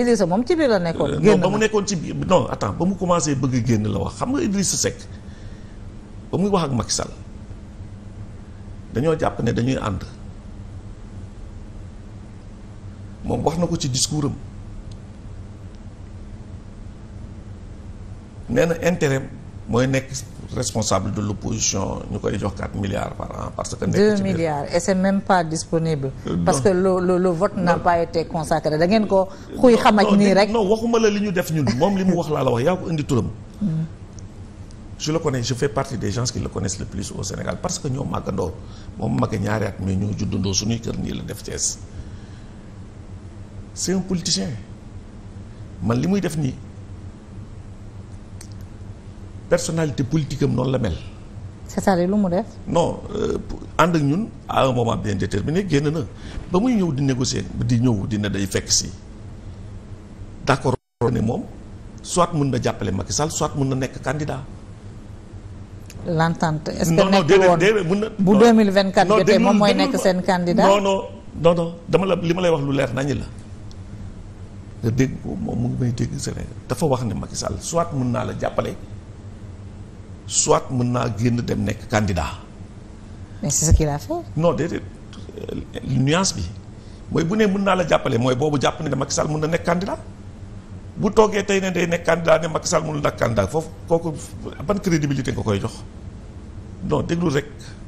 Idrissa moom ci biir la nekkoon. Euh, génn non ba mu nekkoon ci biir non attends ba mu commencé bëgg génn la wax xam nga Idrissa Seck ba muy wax ak Macky Sall dañoo jàpp ne dañuy ànd moom wax na ko ci discours am nee na intérêt mooy nekk responsable de l'opposition ñu koy jox 4 milliards par an parce que. 2 milliards et c'est même pas disponible. Euh, parce que le le le vote n'a pas été consacré da ngeen ko xuy xamaj nii rek. non waxuma la li ñu def ñun moom li mu wax laa la wax yaa ko indi turam. Hmm. je le connais je fais partie des gens qui le connaissent le plus au Sénégal parce que ñoo màggandoo moom màgg ñaari at mais ñoo juddandoo suñuy kër nii la def Thiès c'est un politicien man li muy def nii. personnalité politique am noonu la mel. cest yi dire lu mu def. non euh, ànd ak ñun à un moment bien déterminé génn na ba muy ñëw di négocier di ñëw dina day fekk si d'accord ne moom soit mën na jàppale Macky Sall soit mën na nekk candidat. l'entente est-ce que nekk woon bu 2024 jotee moom mooy nekk seen candidat. non non non li ma lay wax lu leer nañu la. nga dégg ko wax ne Macky soit mën naa la jàppale. soit mën naa génn dem nekk candidat. mais c'est ce qu'il euh, bi mooy bu ne mun naa la jàppale mooy boobu jàpp ne Macky Sall mën na nekk candidat bu toogee tey ne day nekk candidat ne Macky Sall mënul nekk candidat foofu kooku ban crédibilité nga koy jox non déglu rek.